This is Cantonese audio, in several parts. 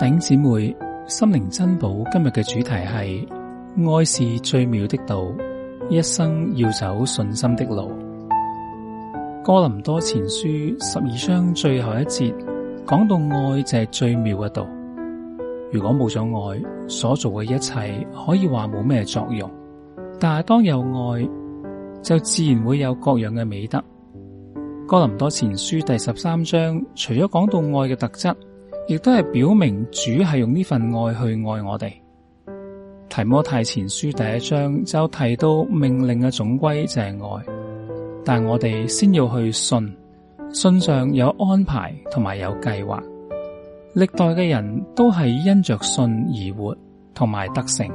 頂姊妹心靈珍寶，今日嘅主題係愛是最妙的道，一生要走信心的路。哥林多前書十二章最後一節講到愛就係最妙嘅道。如果冇咗愛，所做嘅一切可以話冇咩作用。但係當有愛，就自然會有各樣嘅美德。哥林多前書第十三章除咗講到愛嘅特質。亦都係表明主係用呢份愛去愛我哋。提摩太前書第一章就提到命令嘅總歸就係愛，但我哋先要去信，信上有安排同埋有計劃。歷代嘅人都係因着信而活同埋得勝。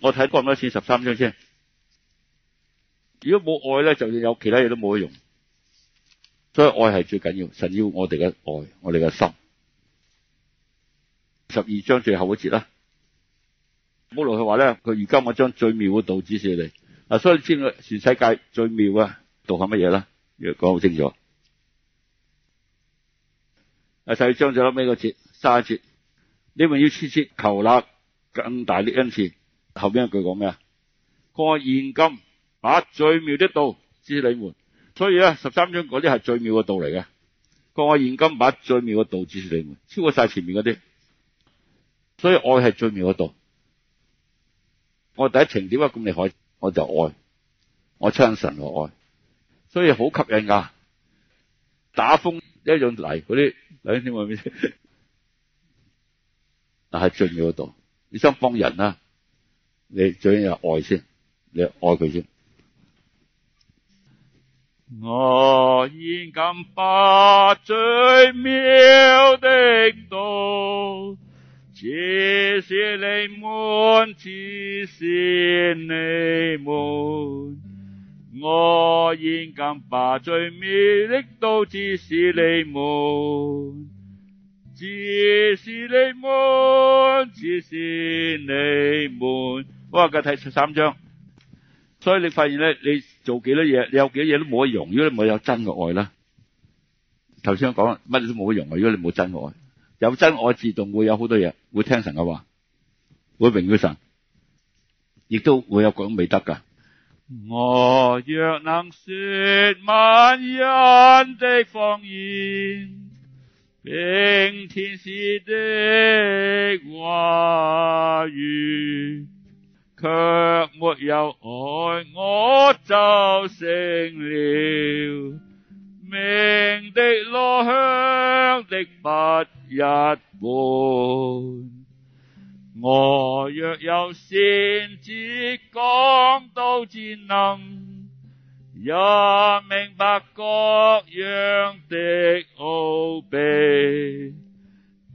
我睇過唔多次十三章先。如果冇愛咧，就算有其他嘢都冇得用。所以愛係最緊要，神要我哋嘅愛，我哋嘅心。十二章最後嗰節啦，保羅佢話咧，佢而家我將最妙嘅道，道指示你。嗱，所以知全世界最妙嘅道係乜嘢啦？講好清楚，阿細章最尾嗰節，卅一節，你哋要切切求那更大啲恩賜。後邊一句講咩啊？該現今把最妙的道指示你們，所以咧十三章嗰啲係最妙嘅道嚟嘅。講我現今把最妙嘅道指示你們，超過曬前面嗰啲。所以愛係最妙嘅道。我第一情點解咁厲害？我就愛，我親神我愛，所以好吸引噶。打風一種嚟嗰啲，兩點話咩先？ 但係最妙嘅道，你想幫人啦、啊，你最緊要係愛先，你愛佢先。我現今把最妙的道，指示你們，指示你們。我現今把最妙的道，指示你們，指示你們，指示你們。好，我哋睇十三章。所以你發現咧，你做幾多嘢，你有幾多嘢都冇得用，如果你冇有真嘅愛啦。頭先講乜都冇得用，如果你冇真愛，有真愛自動會有好多嘢，會聽神嘅話，會榮耀神，亦都會有各種美德噶。我若能說萬人的方言，並天使的話語。卻沒有愛，我就成了鳴的鑼，響的鈸一般。我若有先知講道之能，也明白各樣的奧祕。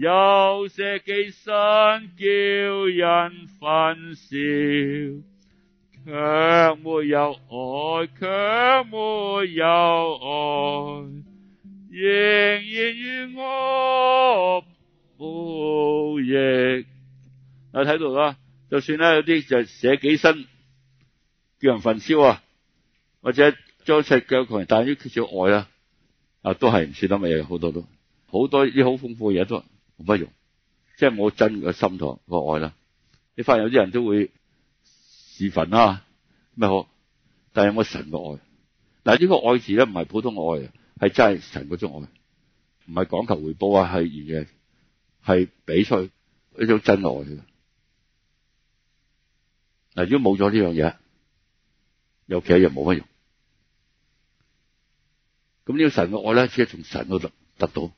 又捨己身，叫人焚燒，卻沒有愛，卻沒有愛，仍然於我無益。啊，睇到啦，就算咧有啲就捨己身，叫人焚燒啊，或者將賙濟窮人，但係要缺少愛啊，啊都係唔算得乜嘢，好多都好多啲好豐富嘅嘢都。冇乜用，即係冇真嘅心同個愛啦。你發現有啲人都會示份啦、啊，咩？我，但係我神愛。愛，係呢個愛字咧唔係普通愛，係係真係神嗰種愛，唔係講求回報啊，係完全係俾出一種真愛嘅。嗱，如果冇咗呢樣嘢，有其他嘢冇乜用。咁、這、呢個神嘅愛咧，只係從神度得到。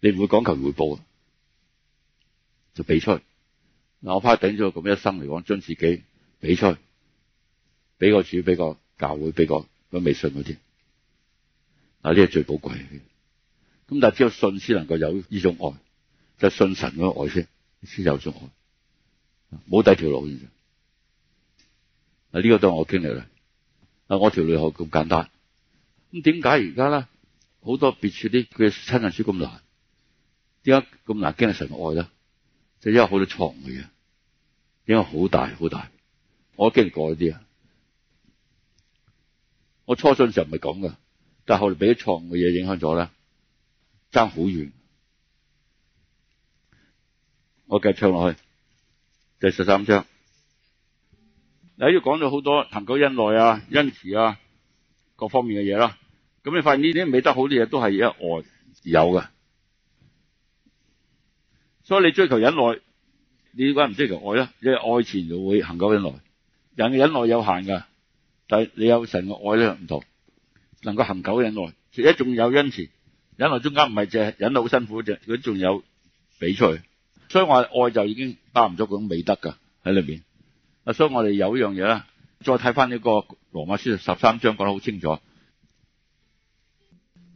你唔會講求回報，就俾出去，嗱。我怕頂咗咁一生嚟講，將自己俾出去，俾個主，俾個教會，俾個咁未信嗰啲嗱，呢個最寶貴。咁但係只有信先能夠有呢種愛，就係、信神嗰種愛先先有種愛，冇第二條路嘅。嗱、這、呢個都係我經歷啦。嗱我條路好咁簡單。咁點解而家咧好多別處啲嘅親人書咁難？點解咁難經歷神嘅愛咧？就是、因為好多錯誤嘅嘢，影響好大好大。我經歷過啲啊！我初信嘅時候唔係咁噶，但係後嚟俾啲錯誤嘅嘢影響咗呢，爭好遠。我繼續唱落去，第十三章。你要講咗好多尋求恩愛啊、恩慈啊，各方面嘅嘢啦，咁你發現呢啲美德好啲嘢都係因為愛有嘅。所以你追求忍耐，你點解唔追求愛咧？你愛前就會恒久忍耐。人嘅忍耐有限噶，但係你有神嘅愛咧唔同，能夠恒久忍耐，而且仲有恩慈。忍耐中間唔係淨係忍得好辛苦啫，淨佢仲有比賽。所以我話愛就已經包含咗嗰種美德噶喺裏邊。啊，所以我哋有一樣嘢啦，再睇翻，呢個羅馬書十三章講得好清楚。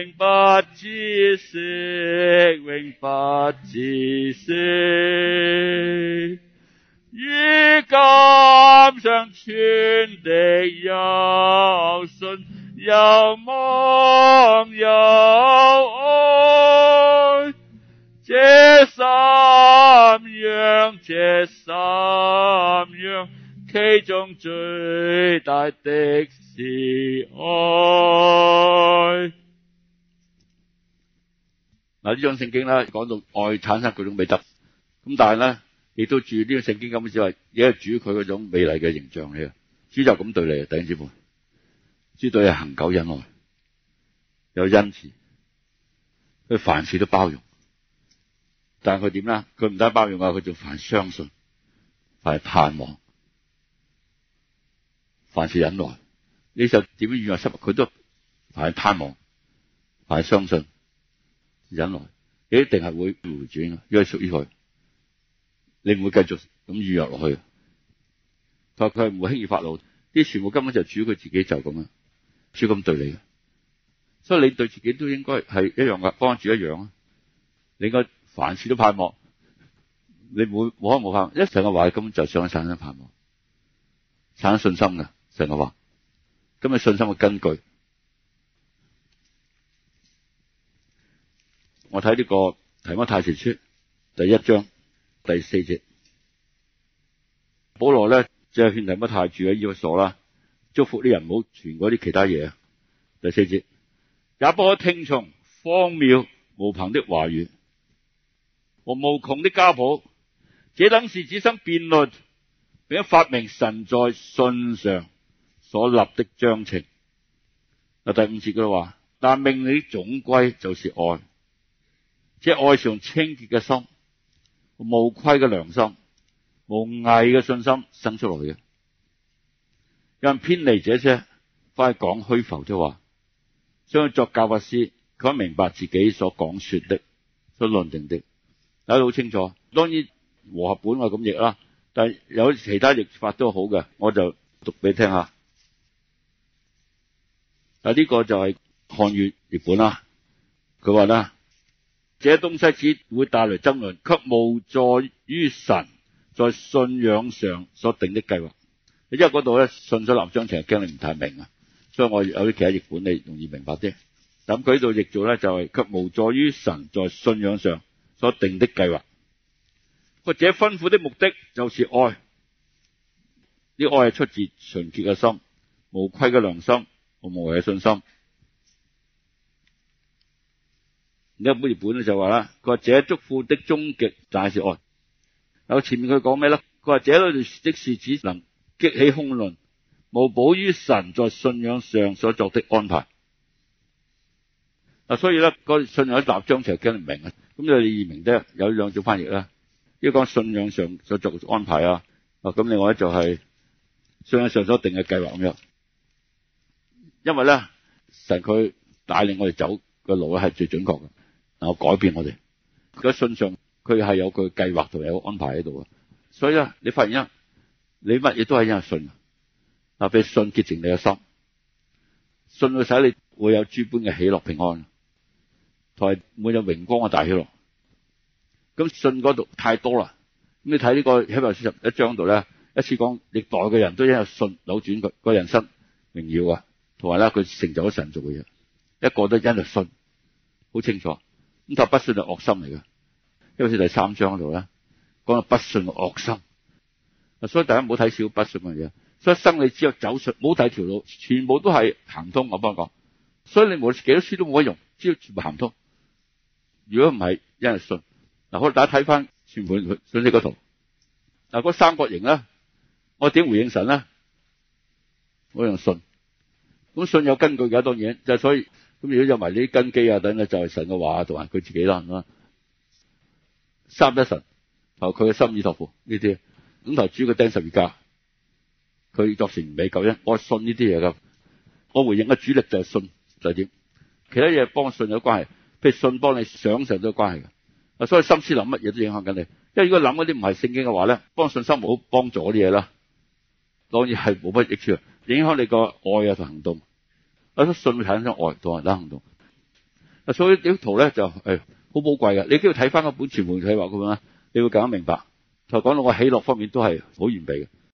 永不止息，永不止息。如今常存的，有信，有望，有愛。這三樣這三樣，其中最大的。喺呢章聖經啦，講到愛產生嗰種美德，咁但係咧，亦都注呢個聖經根本只係而家主佢嗰種美麗嘅形象嚟嘅。主就咁對你，弟兄姊妹，主對你恆久忍耐，有恩慈，佢凡事都包容。但係佢點咧？佢唔單包容啊，佢仲凡事相信，凡事盼望，凡事忍耐。你就點樣遇外失望？佢都凡事盼望，凡事相信。忍耐，你一定係會回轉嘅，因為屬於佢，你唔會繼續咁預約落去。佢話佢係唔會輕易發怒，啲全部根本就係主要佢自己就咁樣，主要咁對你。所以你對自己都應該係一樣嘅，幫主一樣啊。你應該凡事都盼望，你唔會冇可能冇盼望。一成個話根本就想產生盼望，產生信心嘅，成個話，咁嘅信心嘅根據。我睇呢、這個提摩太書第一章第四節，保羅呢只係勸提摩太住喺以弗所啦，祝福啲人唔好傳啲其他嘢。第四節，也不可聽從荒渺無憑的話語和無窮的家譜，這等事只生辯論，並不發明神在信上所立的章程。嗱，第五節佢話：但命令的總歸就是愛。即係愛上清潔嘅心，無虧嘅良心，無偽嘅信心生出來嘅。有人偏離這些，翻去講虛浮即話，所以作教法師，佢唔明白自己所講說的，所論定的，大家好清楚。當然和合本我咁譯啦，但係有其他譯法都好嘅，我就讀俾你聽下。啊，呢個就係漢語譯本啦，佢話啦。這東西只會帶來爭論，卻無助於神在信仰上所定的計劃。因為嗰度咧，信上所立嘅章程經歷唔太明啊，所以我有啲其他譯本你容易明白啲。咁佢呢度譯做咧就係，卻無助於神在信仰上所定的計劃。個這吩咐的目的就是愛，啲愛係出自純潔嘅心、無虧嘅良心同無偽嘅信心。你一本譯本咧就話啦，佢話者囑咐的終極大事愛。有前面佢講咩咧？佢話者類的事只能激起空論，無補於神在信仰上所作的安排。所以咧嗰、那個、信仰立章就驚唔明啊。咁就你明得有兩種翻譯啦。一個講信仰上所作的安排啊，啊咁另外咧就係信仰上所定嘅計劃咁樣。因為咧神佢帶領我哋走嘅路咧係最準確嘅。嗱，我改變我哋個信上，佢係有佢計劃同有安排喺度啊！所以咧，你發現一，你乜嘢都係因為信啊！特別信潔淨你嘅心，信到使你會有諸般嘅喜樂平安，同埋每日榮光嘅大喜樂。咁信嗰度太多啦，咁你睇呢個希伯來書十一章度咧，一次講歷代嘅人都因為信扭轉佢個人生榮耀啊，同埋咧佢成就咗神族嘅嘢，一個都因為信，好清楚。咁就不信就惡心嚟嘅，因為似第三章嗰度咧，講到不信嘅惡心。嗱，所以大家唔好睇小不信嘅嘢，所以生理只有走信，冇第二條路，全部都係行通。我幫你講，所以你無論幾多書都冇得用，只要全部行通。如果唔係，因為信嗱，好，大家睇翻全盤信息嗰圖，嗱，嗰三角形咧，我點回應神咧？我用信，咁信有根據嘅當然，就是、所以。咁如果有埋呢啲根基啊，等嘅就係神嘅話同埋佢自己啦，三一神，啊佢嘅心意托付呢啲，咁頭先主佢釘十字架，佢作成唔美救恩，我信呢啲嘢㗎，我回應嘅主力就係信就係點，其他嘢幫信有關係，譬如信幫你想上有關係，啊所以心思諗乜嘢都影響緊你，因為如果諗嗰啲唔係聖經嘅話咧，幫信心冇幫助啲嘢啦，當然係冇乜益處，影響你個愛啊同行動。有信會產生外動，產生行動。嗱，所以這張呢幅圖咧，就誒好寶貴嘅，你只要睇返嗰本全盤計劃嗰本你會更加明白。就講到我喜樂方面都係好完備嘅。